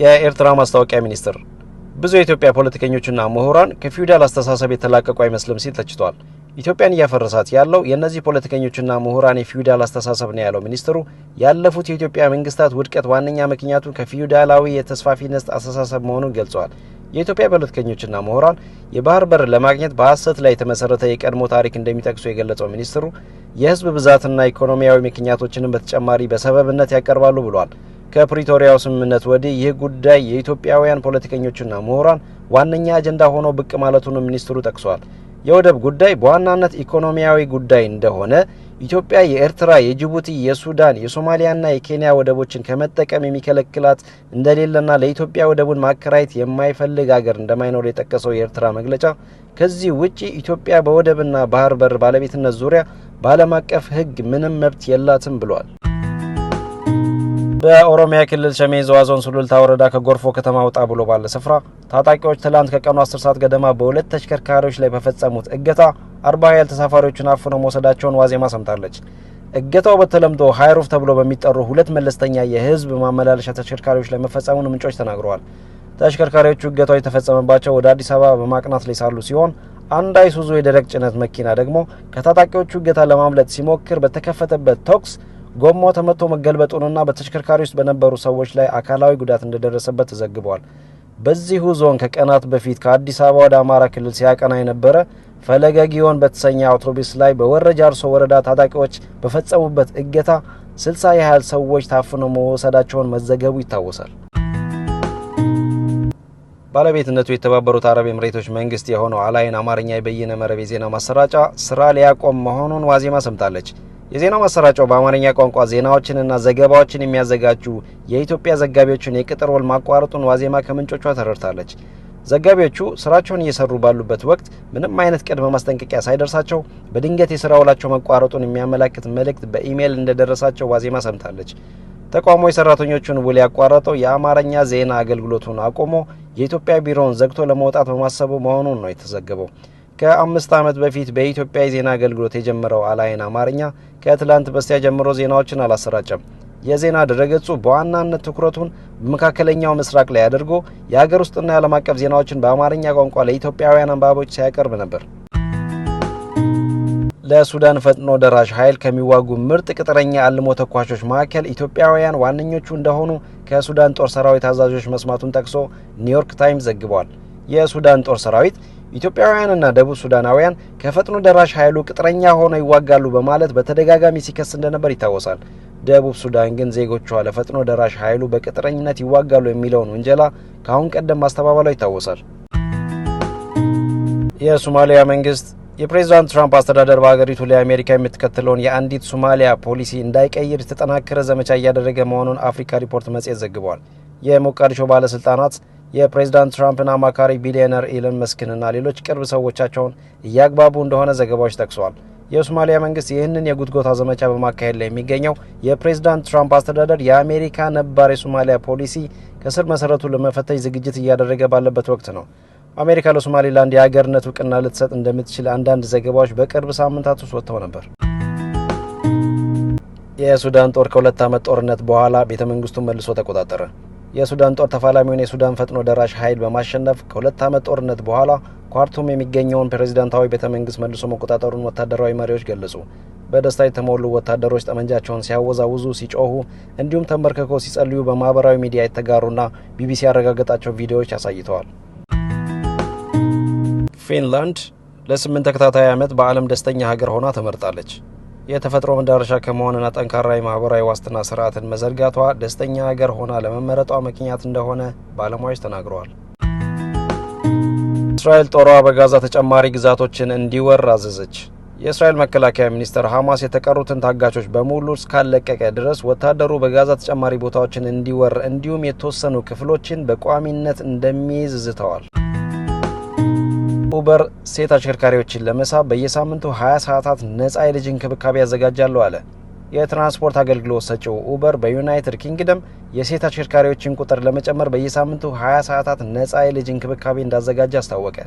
የኤርትራ ማስታወቂያ ሚኒስትር ብዙ የኢትዮጵያ ፖለቲከኞችና ምሁራን ከፊውዳል አስተሳሰብ የተላቀቁ አይመስልም ሲል ተችቷል። ኢትዮጵያን እያፈረሳት ያለው የእነዚህ ፖለቲከኞችና ምሁራን የፊውዳል አስተሳሰብ ነው ያለው ሚኒስትሩ፣ ያለፉት የኢትዮጵያ መንግስታት ውድቀት ዋነኛ ምክንያቱ ከፊውዳላዊ የተስፋፊነት አስተሳሰብ መሆኑን ገልጸዋል። የኢትዮጵያ ፖለቲከኞችና ምሁራን የባህር በር ለማግኘት በሐሰት ላይ የተመሰረተ የቀድሞ ታሪክ እንደሚጠቅሱ የገለጸው ሚኒስትሩ የህዝብ ብዛትና ኢኮኖሚያዊ ምክንያቶችንም በተጨማሪ በሰበብነት ያቀርባሉ ብሏል። ከፕሪቶሪያው ስምምነት ወዲህ ይህ ጉዳይ የኢትዮጵያውያን ፖለቲከኞችና ምሁራን ዋነኛ አጀንዳ ሆኖ ብቅ ማለቱን ሚኒስትሩ ጠቅሷል። የወደብ ጉዳይ በዋናነት ኢኮኖሚያዊ ጉዳይ እንደሆነ ኢትዮጵያ የኤርትራ፣ የጅቡቲ፣ የሱዳን፣ የሶማሊያና የኬንያ ወደቦችን ከመጠቀም የሚከለክላት እንደሌለና ለኢትዮጵያ ወደቡን ማከራየት የማይፈልግ አገር እንደማይኖር የጠቀሰው የኤርትራ መግለጫ ከዚህ ውጪ ኢትዮጵያ በወደብና ባህር በር ባለቤትነት ዙሪያ በዓለም አቀፍ ሕግ ምንም መብት የላትም ብሏል። በኦሮሚያ ክልል ሰሜን ዘዋ ዞን ሱሉልታ ወረዳ ከጎርፎ ከተማ ወጣ ብሎ ባለ ስፍራ ታጣቂዎች ትላንት ከቀኑ 10 ሰዓት ገደማ በሁለት ተሽከርካሪዎች ላይ በፈጸሙት እገታ 40 ያህል ተሳፋሪዎችን አፍነው መውሰዳቸውን ዋዜማ ሰምታለች። እገታው በተለምዶ ሃይሩፍ ተብሎ በሚጠሩ ሁለት መለስተኛ የህዝብ ማመላለሻ ተሽከርካሪዎች ላይ መፈጸሙን ምንጮች ተናግረዋል። ተሽከርካሪዎቹ እገታው የተፈጸመባቸው ወደ አዲስ አበባ በማቅናት ላይ ሳሉ ሲሆን አንድ አይሱዙ የደረቅ ጭነት መኪና ደግሞ ከታጣቂዎቹ እገታ ለማምለጥ ሲሞክር በተከፈተበት ተኩስ ጎማው ተመቶ መገልበጡንና በተሽከርካሪ ውስጥ በነበሩ ሰዎች ላይ አካላዊ ጉዳት እንደደረሰበት ተዘግቧል። በዚሁ ዞን ከቀናት በፊት ከአዲስ አበባ ወደ አማራ ክልል ሲያቀና የነበረ ፈለገ ጊዮን በተሰኘ አውቶቡስ ላይ በወረጃ አርሶ ወረዳ ታጣቂዎች በፈጸሙበት እገታ ስልሳ ያህል ሰዎች ታፍነው መወሰዳቸውን መዘገቡ ይታወሳል። ባለቤትነቱ የተባበሩት አረብ ኤምሬቶች መንግስት የሆነው አላይን አማርኛ የበይነ መረብ የዜና ማሰራጫ ስራ ሊያቆም መሆኑን ዋዜማ ሰምታለች። የዜና ማሰራጫው በአማርኛ ቋንቋ ዜናዎችንና ዘገባዎችን የሚያዘጋጁ የኢትዮጵያ ዘጋቢዎችን የቅጥር ውል ማቋረጡን ዋዜማ ከምንጮቿ ተረድታለች። ዘጋቢዎቹ ስራቸውን እየሰሩ ባሉበት ወቅት ምንም አይነት ቅድመ ማስጠንቀቂያ ሳይደርሳቸው በድንገት የስራ ውላቸው መቋረጡን የሚያመላክት መልእክት በኢሜይል እንደደረሳቸው ዋዜማ ሰምታለች። ተቋሙ የሰራተኞቹን ውል ያቋረጠው የአማርኛ ዜና አገልግሎቱን አቁሞ የኢትዮጵያ ቢሮውን ዘግቶ ለመውጣት በማሰቡ መሆኑን ነው የተዘገበው። ከአምስት ዓመት በፊት በኢትዮጵያ የዜና አገልግሎት የጀመረው አላይን አማርኛ ከትላንት በስቲያ ጀምሮ ዜናዎችን አላሰራጨም። የዜና ድረገጹ በዋናነት ትኩረቱን በመካከለኛው ምስራቅ ላይ አድርጎ የሀገር ውስጥና የዓለም አቀፍ ዜናዎችን በአማርኛ ቋንቋ ለኢትዮጵያውያን አንባቦች ሲያቀርብ ነበር። ለሱዳን ፈጥኖ ደራሽ ኃይል ከሚዋጉ ምርጥ ቅጥረኛ አልሞ ተኳሾች መካከል ኢትዮጵያውያን ዋነኞቹ እንደሆኑ ከሱዳን ጦር ሰራዊት አዛዦች መስማቱን ጠቅሶ ኒውዮርክ ታይምስ ዘግቧል። የሱዳን ጦር ሰራዊት ኢትዮጵያውያንና ደቡብ ሱዳናውያን ከፈጥኖ ደራሽ ኃይሉ ቅጥረኛ ሆነው ይዋጋሉ በማለት በተደጋጋሚ ሲከስ እንደነበር ይታወሳል። ደቡብ ሱዳን ግን ዜጎቿ ለፈጥኖ ደራሽ ኃይሉ በቅጥረኝነት ይዋጋሉ የሚለውን ውንጀላ ከአሁን ቀደም ማስተባበሏ ይታወሳል። የሶማሊያ መንግስት የፕሬዚዳንት ትራምፕ አስተዳደር በሀገሪቱ ላይ አሜሪካ የምትከተለውን የአንዲት ሶማሊያ ፖሊሲ እንዳይቀይር የተጠናከረ ዘመቻ እያደረገ መሆኑን አፍሪካ ሪፖርት መጽሔት ዘግቧል። የሞቃዲሾ ባለስልጣናት የፕሬዚዳንት ትራምፕን አማካሪ ቢሊዮነር ኢለን መስክንና ሌሎች ቅርብ ሰዎቻቸውን እያግባቡ እንደሆነ ዘገባዎች ጠቅሰዋል። የሶማሊያ መንግስት ይህንን የጉትጎታ ዘመቻ በማካሄድ ላይ የሚገኘው የፕሬዚዳንት ትራምፕ አስተዳደር የአሜሪካ ነባር የሶማሊያ ፖሊሲ ከስር መሰረቱ ለመፈተሽ ዝግጅት እያደረገ ባለበት ወቅት ነው። አሜሪካ ለሶማሌላንድ የሀገርነት እውቅና ልትሰጥ እንደምትችል አንዳንድ ዘገባዎች በቅርብ ሳምንታት ውስጥ ወጥተው ነበር። የሱዳን ጦር ከሁለት ዓመት ጦርነት በኋላ ቤተ መንግስቱን መልሶ ተቆጣጠረ። የሱዳን ጦር ተፋላሚውን የሱዳን ፈጥኖ ደራሽ ኃይል በማሸነፍ ከሁለት ዓመት ጦርነት በኋላ ኳርቱም የሚገኘውን ፕሬዚዳንታዊ ቤተ መንግስት መልሶ መቆጣጠሩን ወታደራዊ መሪዎች ገለጹ። በደስታ የተሞሉ ወታደሮች ጠመንጃቸውን ሲያወዛውዙ፣ ሲጮሁ እንዲሁም ተንበርክከው ሲጸልዩ በማህበራዊ ሚዲያ የተጋሩና ቢቢሲ ያረጋገጣቸው ቪዲዮዎች አሳይተዋል። ፊንላንድ ለስምንት ተከታታይ ዓመት በዓለም ደስተኛ ሀገር ሆና ተመርጣለች። የተፈጥሮ መዳረሻ ከመሆንና ጠንካራ የማህበራዊ ዋስትና ስርዓትን መዘርጋቷ ደስተኛ ሀገር ሆና ለመመረጧ ምክንያት እንደሆነ ባለሙያዎች ተናግረዋል። እስራኤል ጦሯ በጋዛ ተጨማሪ ግዛቶችን እንዲወር አዘዘች። የእስራኤል መከላከያ ሚኒስትር ሐማስ የተቀሩትን ታጋቾች በሙሉ እስካለቀቀ ድረስ ወታደሩ በጋዛ ተጨማሪ ቦታዎችን እንዲወር እንዲሁም የተወሰኑ ክፍሎችን በቋሚነት እንደሚይዝ ዝተዋል። ኡበር ሴት አሽከርካሪዎችን ለመሳብ በየሳምንቱ 20 ሰዓታት ነፃ የልጅ እንክብካቤ ያዘጋጃለሁ አለ። የትራንስፖርት አገልግሎት ሰጪው ኡበር በዩናይትድ ኪንግደም የሴት አሽከርካሪዎችን ቁጥር ለመጨመር በየሳምንቱ 20 ሰዓታት ነጻ የልጅ እንክብካቤ እንዳዘጋጀ አስታወቀ።